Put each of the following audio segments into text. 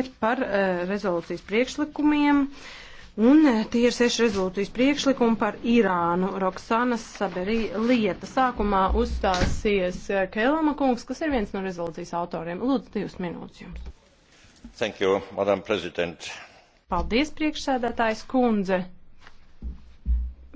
ir par uh, rezolūcijas priekšlikumiem. Un uh, tie ir seši rezolūcijas priekšlikumi par Irānu. Roksanas Saberī lieta. Sākumā uzstāsies uh, eh, Kēlama kungs, kas ir viens no rezolūcijas autoriem. Lūdzu, divas minūtes jums. Thank you, Madam President. Paldies, priekšsēdētājs kundze.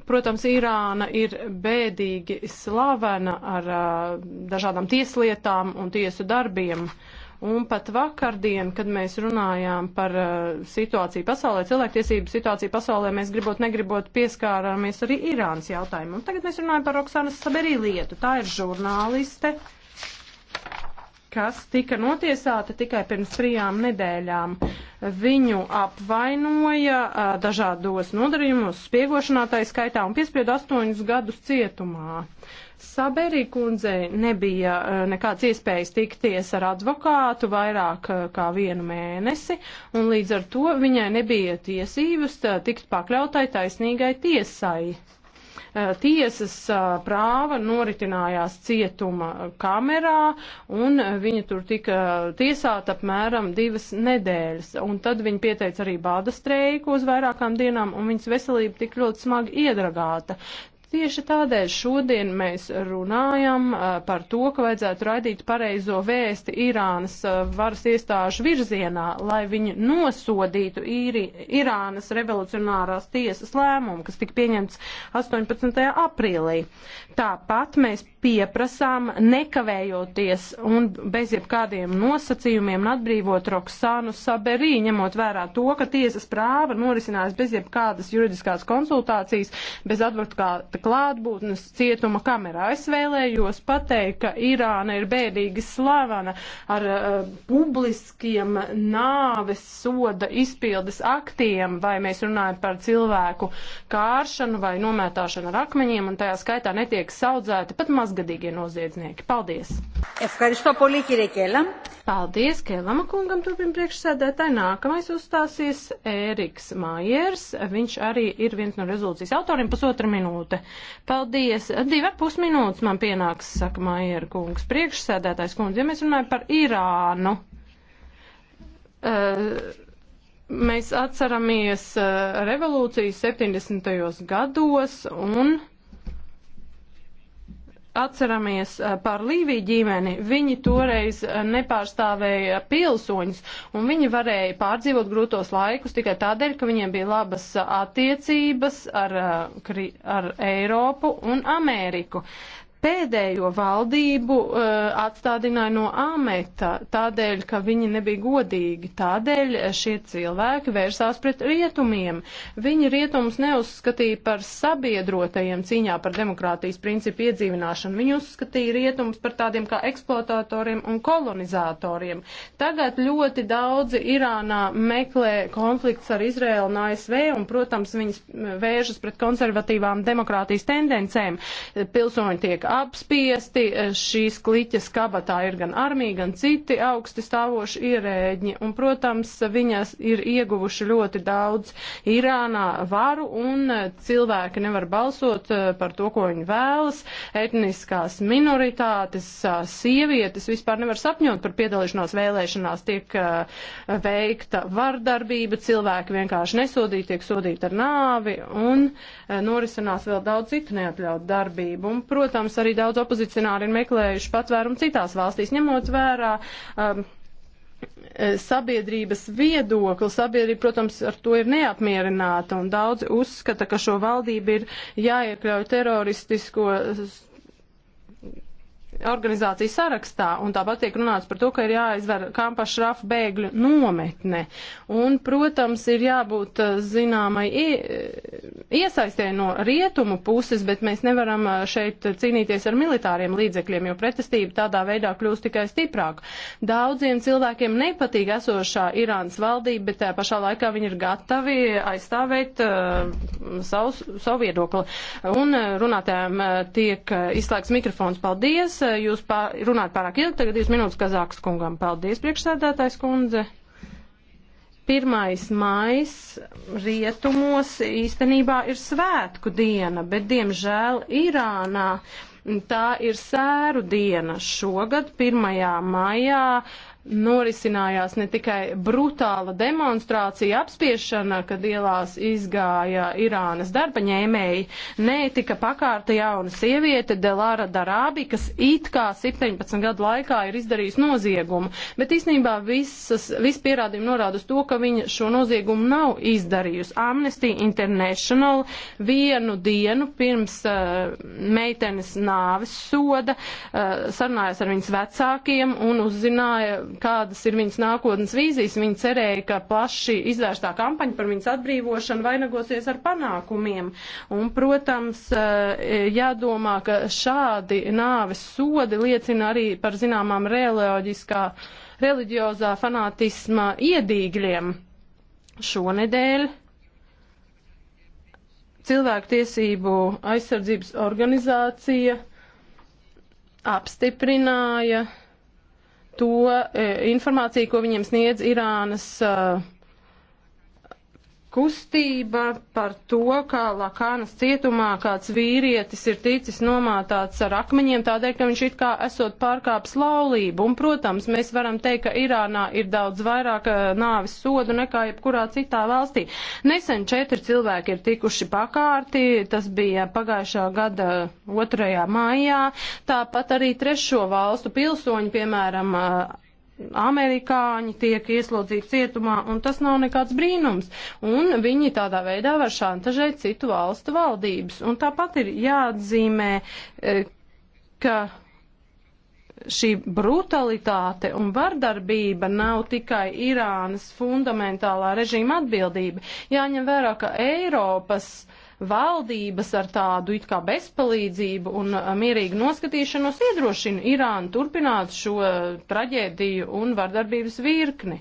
Protams, Irāna ir bēdīgi slavena ar uh, dažādām tieslietām un tiesu darbiem. Uh, Un pat vakardien, kad mēs runājām par uh, situāciju pasaulē, cilvēktiesību situāciju pasaulē, mēs gribot, negribot pieskārāmies arī Irānas jautājumu. Un tagad mēs runājam par Oksanas Saberī lietu. Tā ir žurnāliste. Uh, kas tika notiesāti tikai pirms trijām nedēļām. Viņu apvainoja a, dažādos nodarījumos, spiegošanā tā skaitā un piespieda astoņus gadus cietumā. Saberī kundzei nebija a, nekāds iespējas tikties ar advokātu vairāk a, kā vienu mēnesi, un līdz ar to viņai nebija tiesības tikt pakļautai taisnīgai tiesai. Eh, tiesas eh, prāva noritinājās cietuma eh, kamerā, un viņa tur tika tiesāta apmēram divas nedēļas. Un tad viņa pieteica arī bāda streiku uz vairākām dienām, un viņas veselība tik ļoti smagi iedragāta. Tieši tādēļ šodien mēs runājam uh, par to, ka vajadzētu raidīt pareizo vēsti Irānas uh, varas iestāžu virzienā, lai viņi nosodītu īri, Irānas revolucionārās tiesas lēmumu, kas tika pieņemts 18. aprīlī. Tāpat mēs pieprasām nekavējoties un bez jebkādiem nosacījumiem atbrīvot Roksānu Saberī, ņemot vērā to, ka tiesas prāva norisinās bez jebkādas juridiskās konsultācijas, bez advokāta kontakta klātbūtnes cietuma kamerā. Es vēlējos pateikt, ka Irāna ir bēdīgi slavena ar uh, publiskiem nāves soda izpildes aktiem, vai mēs runājam par cilvēku kāršanu vai nomētāšanu ar akmeņiem, un tajā skaitā netiek saudzēti pat mazgadīgie noziedznieki. Paldies! Ευχαριστώ πολύ, κύριε Κέλαμ. Paldies Kēlama kungam, turpina priekšsēdētāji. Nākamais uzstāsies Ēriks Mājers. Viņš arī ir viens no rezolūcijas autoriem, pusotra minūte. Paldies. Divi ar pus minūtes man pienāks, saka Mājera kungs. Priekšsēdētājs kundze, ja mēs runājam par Irānu. Uh, Mēs atceramies uh, revolūciju 70. gados un atceramies eh, par Līviju ģimeni, viņi toreiz eh, nepārstāvēja pilsoņus, un viņi varēja pārdzīvot grūtos laikus tikai tādēļ, ka viņiem bija labas eh, attiecības ar, ar Eiropu un Ameriku pēdējo valdību uh, atstādināja no ameta tādēļ, ka viņi nebija godīgi. Tādēļ uh, šie cilvēki vērsās pret rietumiem. Viņi rietumus neuzskatīja par sabiedrotajiem cīņā par demokrātijas principu iedzīvināšanu. Viņi uzskatīja rietumus par tādiem kā eksploatatoriem un kolonizatoriem. Tagad ļoti daudzi Irānā meklē konflikts ar Izraēlu un ASV un, protams, viņas uh, vēršas pret konservatīvām demokrātijas tendencēm. Pilsoņi tiek apspiesti. Šīs kliķes kabatā ir gan armija, gan citi augsti stāvoši ierēģi. Un, protams, viņas ir ieguvuši ļoti daudz Irānā varu un cilvēki nevar balsot eh, par to, ko viņi vēlas. Etniskās minoritātes, eh, sievietes vispār nevar sapņot par piedalīšanos vēlēšanās. Tiek eh, veikta vardarbība, cilvēki vienkārši nesodīti, tiek sodīti ar nāvi un norisinās vēl daudz citu neatļautu darbību. Un, protams, protams, arī daudz opozicionāri ir meklējuši patvērumu citās valstīs, ņemot vērā. Um, e, sabiedrības viedokli. Sabiedrība, protams, ar to ir neapmierināta un daudzi uzskata, ka šo valdību ir jāiekļauj teroristisko organizāciju sarakstā, un tāpat tiek runāts par to, ka ir jāizver Kampašrafa bēgļu nometne. Un, protams, ir jābūt eh, zināmai eh, iesaistē no rietumu puses, bet mēs nevaram eh, šeit cīnīties ar militāriem līdzekļiem, jo pretestība tādā veidā kļūst tikai stiprāka. Daudziem cilvēkiem nepatīk esošā Irānas valdība, bet tajā pašā laikā viņi ir gatavi aizstāvēt uh, savu, savu viedokli. Un runātājiem tiek izslēgts mikrofons. Paldies! Eh, jūs pār, runāt pārāk ilgi, tagad divas minūtes Kazākas kungam. Paldies, priekšsēdētājs kundze. 1. mais rietumos īstenībā ir svētku diena, bet diemžēl Irānā Tā ir sēru diena šogad, 1. maijā. Norisinājās ne tikai brutāla demonstrācija apspiešana, kad ielās izgāja Irānas darba ņēmēji, nē, tika pakārta jauna sieviete Delara Darābi, kas it kā 17 gadu laikā ir izdarījusi noziegumu, bet īstenībā visas, viss pierādījumi norāda uz to, ka viņa šo noziegumu nav izdarījusi. Amnesty International vienu dienu pirms uh, meitenes nāca nāves soda, eh, sarunājās ar viņas vecākiem un uzzināja, kādas ir viņas nākotnes vīzijas. Viņa cerēja, ka plaši izvērstā kampaņa par viņas atbrīvošanu vainagosies ar panākumiem. Un, protams, eh, jādomā, ka šādi nāves sodi liecina arī par zināmām reliģiskā, reliģiozā fanātisma iedīgļiem. Šonedēļ Cilvēktiesību aizsardzības organizācija apstiprināja to e, informāciju, ko viņiem sniedz Irānas. E, kustība par to, ka Lakānas cietumā kāds vīrietis ir ticis nomātāts ar akmeņiem, tādēļ, ka viņš it kā esot pārkāps laulību. Un, protams, mēs varam teikt, ka Irānā ir daudz vairāk eh, nāvis sodu nekā jebkurā citā valstī. Nesen četri cilvēki ir tikuši pakārti, tas bija pagājušā gada 2. maijā, tāpat arī trešo valstu pilsoņi, piemēram, eh, amerikāņi tiek ieslodzīti cietumā, un tas nav nekāds brīnums. Un viņi tādā veidā var šantažēt citu valstu valdības. Un tāpat ir jāatzīmē, e, ka šī brutalitāte un vardarbība nav tikai Irānas fundamentālā režīma atbildība. Jāņem vērā, ka Eiropas uh, valdības ar tādu it kā bezpalīdzību un uh, mierīgu noskatīšanos iedrošina Irānu turpināt šo uh, traģēdiju un vardarbības virkni.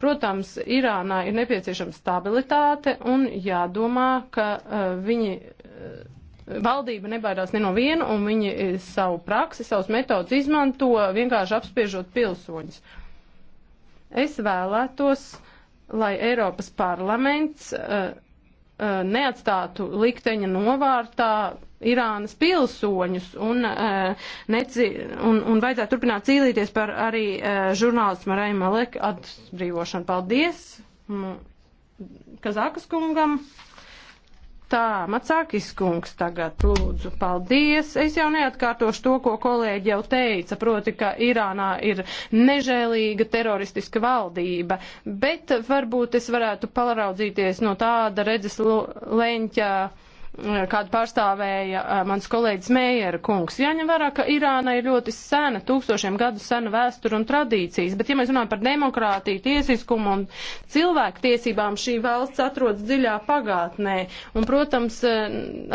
Protams, Irānā ir nepieciešama stabilitāte un jādomā, ka uh, viņi. Uh, Valdība nebaidās ne no viena, un viņi uh, savu praksi, savus metodus izmanto vienkārši apspiežot pilsoņus. Es vēlētos, lai Eiropas parlaments uh, Uh, neatstātu likteņa novārtā Irānas pilsoņus un, uh, neci, un, un vajadzētu turpināt cīnīties par arī uh, žurnālistu Marēju Maleku atbrīvošanu. Paldies Kazakas kungam! Tā, Macākis kungs tagad lūdzu, paldies. Es jau neatkārtošu to, ko kolēģi jau teica, proti, ka Irānā ir nežēlīga teroristiska valdība, bet varbūt es varētu palraudzīties no tāda redzes leņķa. Lo kādu pārstāvēja mans kolēģis Meijera kungs. Jāņem vērā, ka Irāna ir ļoti sena, tūkstošiem gadu sena vēstura un tradīcijas, bet ja mēs runājam par demokrātiju, tiesiskumu un cilvēku tiesībām, šī valsts atrodas dziļā pagātnē. Un, protams,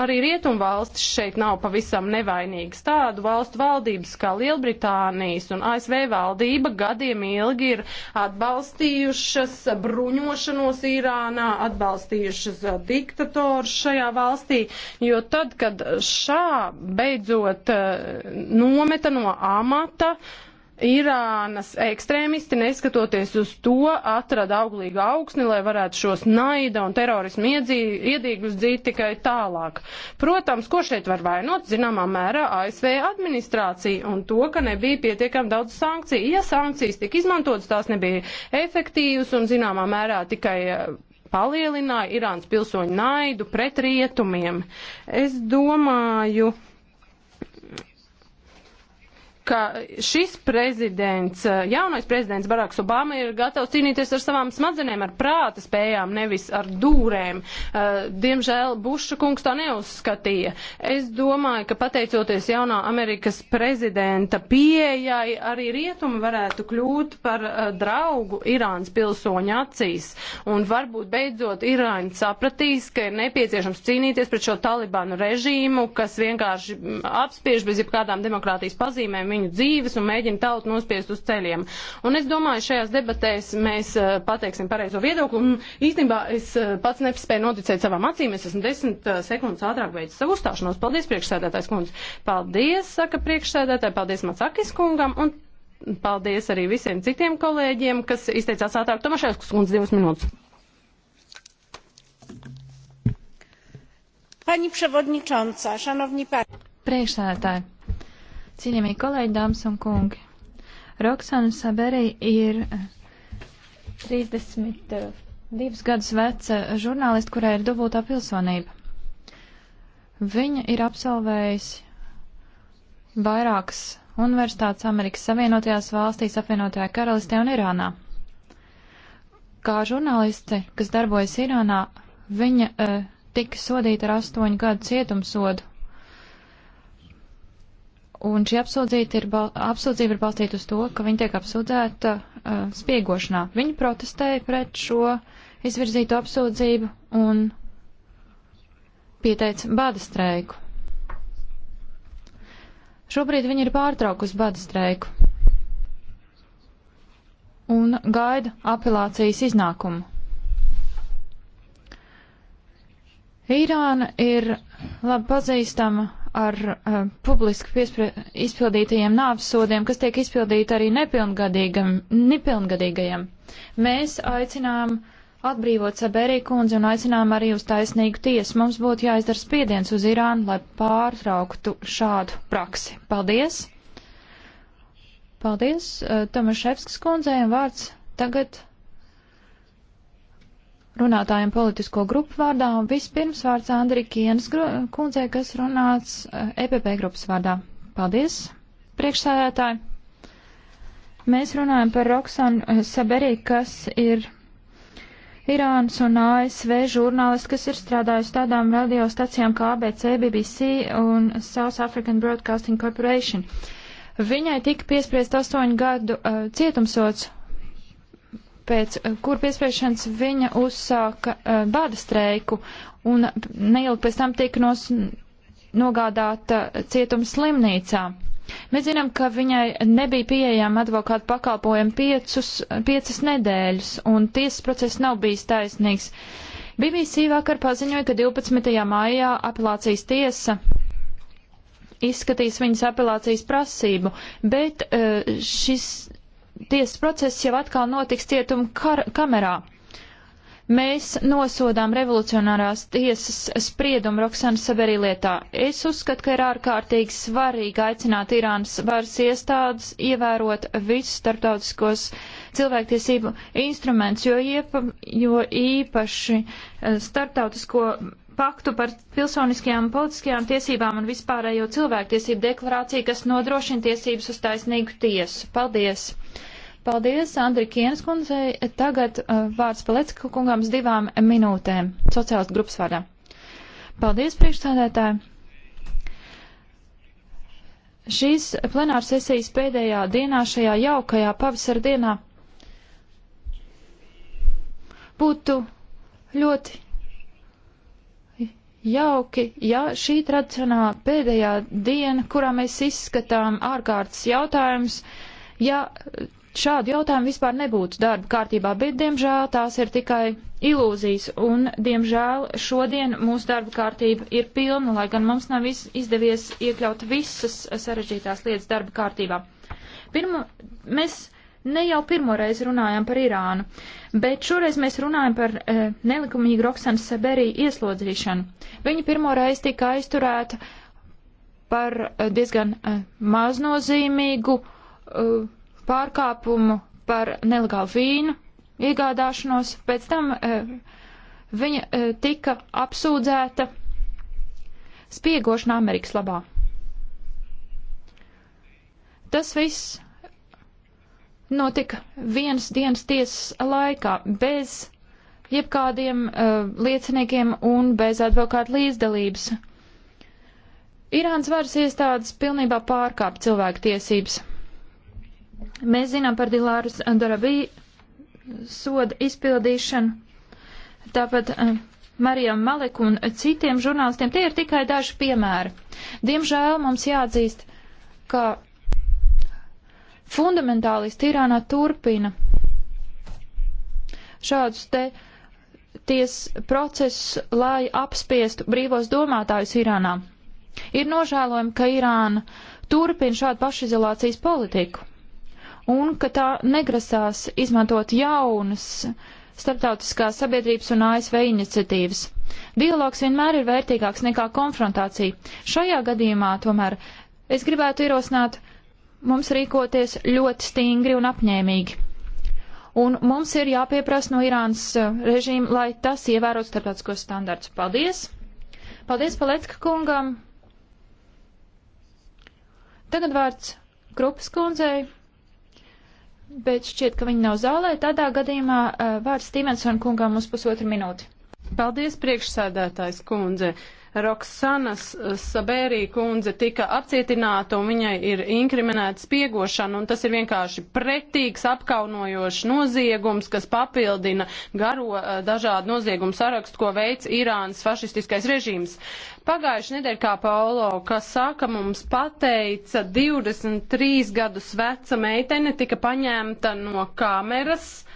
arī rietumu valstis šeit nav pavisam nevainīgas. Tādu valstu valdības kā Lielbritānijas un ASV valdība gadiem ilgi ir atbalstījušas bruņošanos Irānā, atbalstījušas diktatoru šajā valstī valstī, jo tad, kad šā beidzot eh, nometa no amata, Irānas ekstrēmisti, neskatoties uz to, atrada auglīgu augsni, lai varētu šos naida un terorismu iedīgus dzīt tikai tālāk. Protams, ko šeit var vainot, zināmā mērā ASV administrācija un to, ka nebija pietiekami daudz sankciju. Ja sankcijas tika izmantotas, tās nebija efektīvas un zināmā mērā tikai eh, palielināja Irānas pilsoņu naidu pret rietumiem. Es domāju, ka šis prezidents, eh, jaunais prezidents Baraks Obama ir gatavs cīnīties ar savām smadzenēm, ar prāta spējām, nevis ar dūrēm. Eh, diemžēl Buša kungs tā neuzskatīja. Es domāju, ka pateicoties jaunā Amerikas prezidenta pieejai, arī rietumi varētu kļūt par eh, draugu Irānas pilsoņu acīs. Un varbūt beidzot Irāņi sapratīs, ka ir nepieciešams cīnīties pret šo Talibanu režīmu, kas vienkārši mm, apspiež bez jebkādām demokrātijas pazīmēm viņu dzīves un mēģina tautu nospiest uz ceļiem. Un es domāju, šajās debatēs mēs eh, pateiksim pareizo viedokli, un īstenībā es eh, pats nespēju noticēt savām acīm, es esmu desmit eh, sekundes ātrāk veicis savu uzstāšanos. Paldies, priekšsēdētājs kundze. Paldies, saka priekšsēdētāji, paldies Macakis kungam, un paldies arī visiem citiem kolēģiem, kas izteicās ātrāk. Tomašais kundze, divas minūtes. Pani przewodnicząca, szanowni państwo. Priekšsēdētāji, Cienījamie kolēģi, dāmas un kungi, Roksana Saberī ir 32 eh, eh, gadus veca žurnāliste, kurai ir dubultā pilsonība. Viņa ir absolvējusi vairākas universitātes Amerikas Savienotajās valstīs, apvienotajā karalistē un Irānā. Kā žurnāliste, kas darbojas Irānā, viņa uh, tika sodīta ar astoņu gadu cietumsodu Un šī apsūdzība ir, bal apsūdzība ir balstīta uz to, ka viņa tiek apsūdzēta uh, spiegošanā. Viņa protestēja pret šo izvirzīto apsūdzību un pieteica bada streiku. Šobrīd viņa ir pārtraukusi bada streiku un gaida apelācijas iznākumu. Irāna ir labi pazīstama ar uh, publiski izpildītajiem nāvsodiem, kas tiek izpildīti arī nepilngadīgajiem. Mēs aicinām atbrīvot Saberī kundzi un aicinām arī uz taisnīgu tiesu. Mums būtu jāizdara spiediens uz Irānu, lai pārtrauktu šādu praksi. Paldies! Paldies, uh, Tomaševskas kundzei, vārds tagad runātājiem politisko grupu vārdā. Un vispirms vārds Andri Kienas kundzē, kas runāts EPP eh, e grupas vārdā. Paldies, priekšsēdētāji. Mēs runājam par Roksanu eh, Saberī, kas ir Irānas un ASV žurnālisti, kas ir strādājusi tādām radiostacijām kā ABC, BBC un South African Broadcasting Corporation. Viņai tika piespriest astoņu gadu uh, cietumsots pēc kur piespiešanas viņa uzsāka eh, bada streiku un neilgi pēc tam tika nos, nogādāta cietuma slimnīcā. Mēs zinām, ka viņai nebija pieejama advokāta pakalpojuma piecus, piecas nedēļas, un tiesas process nav bijis taisnīgs. BBC vakar paziņoja, ka 12. maijā apelācijas tiesa izskatīs viņas apelācijas prasību, bet eh, šis tiesas process jau atkal notiks cietuma kamerā. Mēs nosodām revolucionārās tiesas spriedumu Roksanas Saberī lietā. Es uzskatu, ka ir ārkārtīgi svarīgi aicināt Irānas varas iestādes ievērot visus starptautiskos cilvēktiesību instrumentus, jo, iepa, jo īpaši e, starptautisko paktu par pilsoniskajām un politiskajām tiesībām un vispārējo cilvēktiesību deklarāciju, kas nodrošina tiesības uz taisnīgu tiesu. Paldies! Paldies, Andri Kienas kundzei. Tagad uh, vārds Palecka kungām uz divām minūtēm sociālistu grupas vārdā. Paldies, priekšstādētāji. Šīs plenāras sesijas pēdējā dienā, šajā jaukajā pavasara dienā, būtu ļoti jauki, ja šī tradicionālā pēdējā diena, kurā mēs izskatām ārkārtas jautājumus, ja šādu jautājumu vispār nebūtu darba kārtībā, bet, diemžēl, tās ir tikai ilūzijas, un, diemžēl, šodien mūsu darba kārtība ir pilna, lai gan mums nav izdevies iekļaut visas sarežģītās lietas darba kārtībā. Pirmu, mēs ne jau pirmoreiz runājam par Irānu, bet šoreiz mēs runājam par e, nelikumīgu Roksanas Seberī ieslodzīšanu. Viņa pirmoreiz tika aizturēta par e, diezgan e, eh, maznozīmīgu. E, pārkāpumu par nelegālu vīnu iegādāšanos. Pēc tam e, viņa e, tika apsūdzēta spiegošanā Amerikas labā. Tas viss notika vienas dienas tiesas laikā bez jebkādiem uh, lieciniekiem un bez advokāta līdzdalības. Irānas varas iestādes pilnībā pārkāpa cilvēku tiesības. Mēs zinām par Dilāras Darabī soda izpildīšanu, tāpat eh, Marijam Maleku un citiem žurnālistiem. Tie ir tikai daži piemēri. Diemžēl mums jāatzīst, ka fundamentālisti Irānā turpina šādus te ties procesus, lai apspiestu brīvos domātājus Irānā. Ir nožēlojami, ka Irāna turpina šādu pašizolācijas politiku un ka tā negrasās izmantot jaunas starptautiskās sabiedrības un ASV iniciatīvas. Dialogs vienmēr ir vērtīgāks nekā konfrontācija. Šajā gadījumā tomēr es gribētu ierosināt mums rīkoties ļoti stingri un apņēmīgi. Un mums ir jāpieprasa no Irānas uh, režīma, lai tas ievērot starptautiskos standarts. Paldies! Paldies Palecka kungam! Tagad vārds Krupas kundzei bet šķiet, ka viņi nav zālē. Tādā gadījumā eh, vārds Stevenson kungam uz pusotru minūti. Paldies, priekšsēdētājs kundze. Roksanas eh, Sabērī kundze tika apcietināta un viņai ir inkriminēta spiegošana, un tas ir vienkārši pretīgs, apkaunojošs noziegums, kas papildina garo eh, dažādu noziegumu sarakstu, ko veids Irānas fašistiskais režīms. Pagājuši nedēļ, kā Paolo, kas sāka mums pateica, 23 gadus veca meitene tika paņemta no kameras, uh,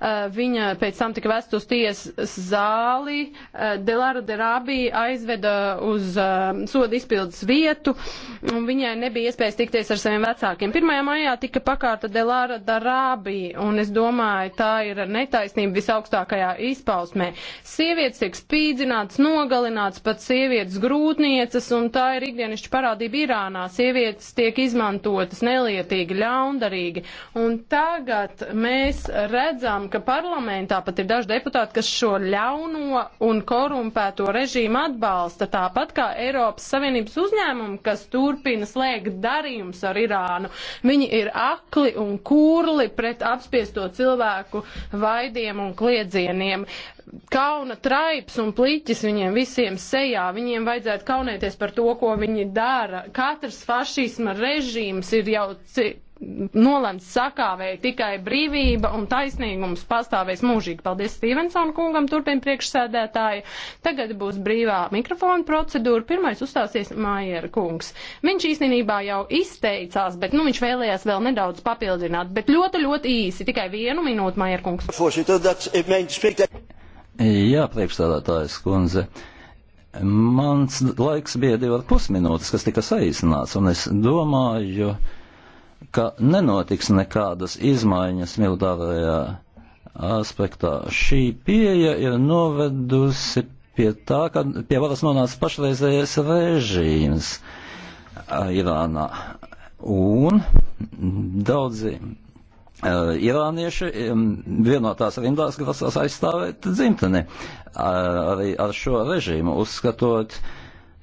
Eh, viņa pēc tam tika vest uz tiesas zāli. Eh, Delara Derabī aizveda uz eh, soda izpildes vietu, un viņai nebija iespējas tikties ar saviem vecākiem. 1. maijā tika pakārta Delara Derabī, un es domāju, tā ir netaisnība visaugstākajā izpausmē. Sievietes tiek spīdzināts, nogalināts pat sievietes grūtniecas, un tā ir ikdienišķa parādība Irānā. Sievietes tiek izmantotas nelietīgi, ļaundarīgi. Un tagad mēs redzam, ka parlamentā pat ir daži deputāti, kas šo ļauno un korumpēto režīmu atbalsta, tāpat kā Eiropas Savienības uzņēmumu, kas turpina slēgt darījums ar Irānu. Viņi ir akli un kurli pret apspiesto cilvēku vaidiem un kliedzieniem kauna traips un pliķis viņiem visiem sejā. Viņiem vajadzētu kaunēties par to, ko viņi dara. Katrs fašisma režīms ir jau nolemts sakāvēja tikai brīvība un taisnīgums pastāvēs mūžīgi. Paldies Stevensona kungam, turpin priekšsēdētāji. Tagad būs brīvā mikrofona procedūra. Pirmais uzstāsies Maiera kungs. Viņš īstenībā jau izteicās, bet nu, viņš vēlējās vēl nedaudz papildināt, bet ļoti, ļoti īsi, tikai vienu minūtu, Maiera kungs. Jā, priekšsēdētājs kundze. Mans laiks bija divi ar pusminūtes, kas tika saīsināts, un es domāju, jo ka nenotiks nekādas izmaiņas militārajā aspektā. Šī pieeja ir novedusi pie tā, ka pie varas nonāca pašreizējais režīms Irānā. Un daudzi Uh, irānieši um, vienotās rindās grasās aizstāvēt dzimteni uh, arī ar šo režīmu, uzskatot,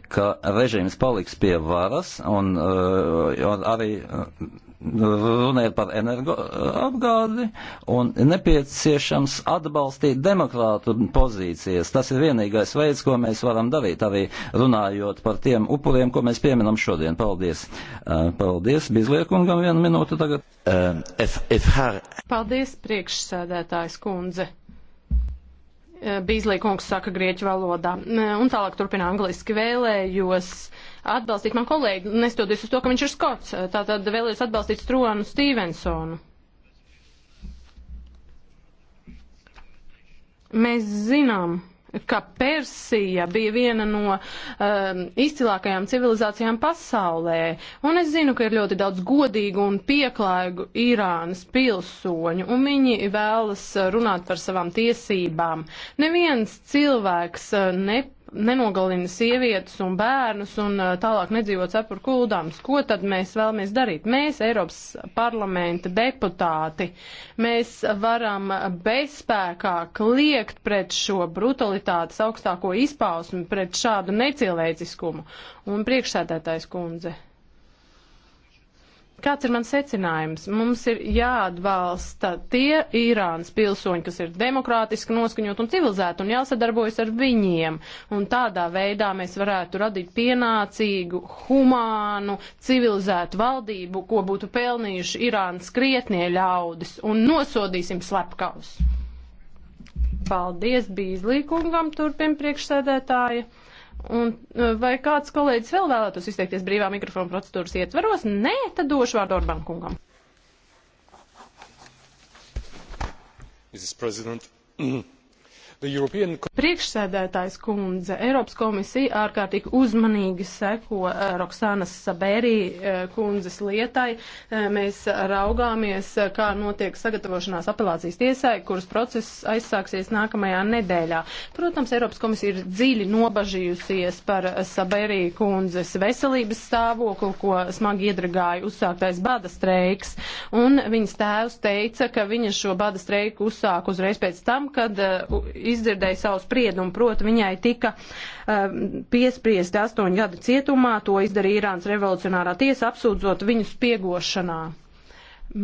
ka režīms paliks pie varas un uh, arī. Uh, runa ir par energoapgādi eh, un nepieciešams atbalstīt demokrātu pozīcijas. Tas ir vienīgais veids, ko mēs varam darīt, arī runājot par tiem upuriem, ko mēs pieminam šodien. Paldies. Eh, paldies. Bizliekungam vienu minūtu tagad. Eh, paldies, priekšsēdētājs kundze. Bīzlīkungs saka grieķu valodā. Un tālāk turpina angliski vēlējos. Uh, atbalstīt man kolēģi, nestoties uz to, ka viņš ir skots. Eh, tātad vēlējos atbalstīt Stronu Stevensonu. Mēs zinām, ka Persija bija viena no um, izcilākajām civilizācijām pasaulē, un es zinu, ka ir ļoti daudz godīgu un pieklājīgu Irānas pilsoņu, un viņi vēlas runāt par savām tiesībām. Neviens cilvēks uh, eh, nepārāk nenogalina sievietes un bērnus un tālāk nedzīvot cepur kuldāms. Ko tad mēs vēlamies darīt? Mēs, Eiropas parlamenta deputāti, mēs varam bezspēkā kliegt pret šo brutalitātes augstāko izpausmi, pret šādu necilvēciskumu. Un priekšsēdētājs kundze. Kāds ir mans secinājums? Mums ir jāatbalsta tie Irānas pilsoņi, kas ir demokrātiski noskaņot un civilizēti, un jāsadarbojas ar viņiem. Un tādā veidā mēs varētu radīt pienācīgu, humānu, civilizētu valdību, ko būtu pelnījuši Irānas krietnie ļaudis, un nosodīsim slepkavus. Paldies Bīzlīkungam, turpin priekšsēdētāja. Un eh, vai kāds kolēģis vēl vēlētos izteikties brīvā mikrofona procedūras ietvaros? Nē, tad došu vārdu Orbán kungam. Mrs. President, European... Priekšsēdētājs kundze, Eiropas komisija ārkārtīgi uzmanīgi seko eh, Roksānas Sabērī eh, kundzes lietai. Eh, mēs raugāmies, kā notiek sagatavošanās apelācijas tiesai, kuras process aizsāksies nākamajā nedēļā. Protams, Eiropas komisija ir dziļi nobažījusies par Sabērī kundzes veselības stāvokli, ko smagi iedragāja uzsāktais bada streiks. Un viņas tēvs teica, ka viņa šo bada streiku uzsāk uzreiz pēc tam, kad uh, izdzirdēja savu spriedumu, proti viņai tika uh, eh, piespriesti astoņu gadu cietumā, to izdarīja Irānas revolucionārā tiesa, apsūdzot viņu spiegošanā.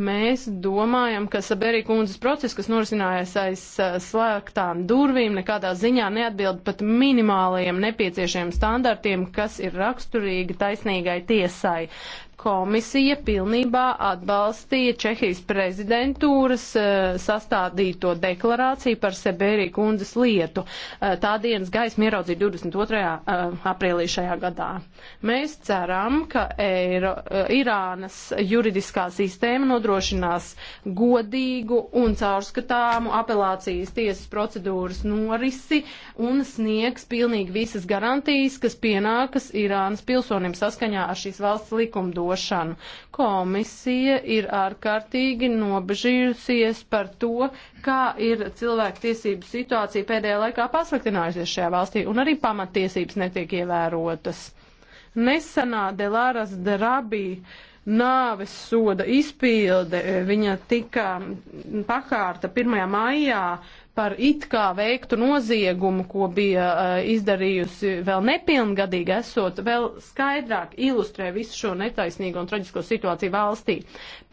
Mēs domājam, ka Saberija kundzes process, kas norisinājās aiz eh, slēgtām durvīm, nekādā ziņā neatbild pat minimālajiem nepieciešajiem standartiem, kas ir raksturīgi taisnīgai tiesai komisija pilnībā atbalstīja Čehijas prezidentūras eh, sastādīto deklarāciju par Seberiju kundzes lietu. Eh, tā dienas gaisma ieraudzīja 22. Eh, aprīlī šajā gadā. Mēs ceram, ka Eiro, Irānas juridiskā sistēma nodrošinās godīgu un caurskatāmu apelācijas tiesas procedūras norisi un sniegs pilnīgi visas garantijas, kas pienākas Irānas pilsonim saskaņā ar šīs valsts likumdošanu likumdošanu. Komisija ir ārkārtīgi nobežījusies par to, kā ir cilvēktiesību situācija pēdējā laikā pasliktinājusies šajā valstī, un arī pamatiesības netiek ievērotas. Nesenā Delāras Drabī. De nāves soda izpilde, e, viņa tika pakārta 1. maijā par it kā veiktu noziegumu, ko bija uh, izdarījusi vēl nepilngadīgi esot, vēl skaidrāk ilustrē visu šo netaisnīgo un traģisko situāciju valstī.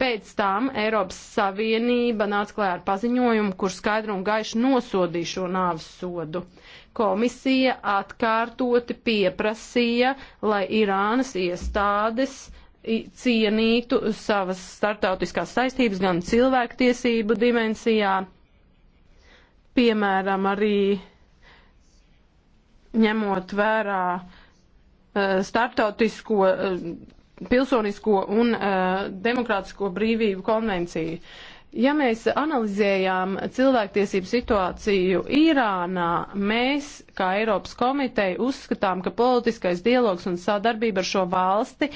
Pēc tam Eiropas Savienība nāca klājā ar paziņojumu, kur skaidru un gaišu nosodīja šo nāves sodu. Komisija atkārtoti pieprasīja, lai Irānas iestādes uh, cienītu savas startautiskās saistības gan cilvēktiesību dimensijā, piemēram, arī ņemot vērā eh, startautisko eh, pilsonisko un eh, demokrātisko brīvību konvenciju. Ja mēs analizējām cilvēktiesību situāciju Irānā, mēs, kā Eiropas komiteja, uzskatām, ka politiskais dialogs un sadarbība ar šo valsti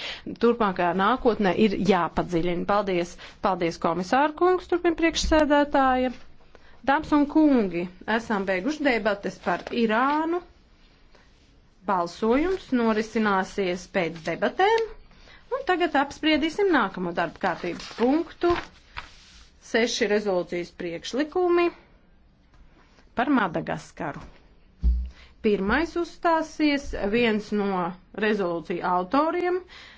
turpmākajā nākotnē ir jāpadziļina. Paldies, paldies komisāru kungs, turpin priekšsēdētāja. Dāmas un kungi, esam beiguši debates par Irānu. Balsojums norisināsies pēc debatēm. Un tagad apspriedīsim nākamo darba kārtības punktu seši rezolūcijas priekšlikumi par Madagaskaru. Pirmais uzstāsies viens no rezolūciju autoriem, uh,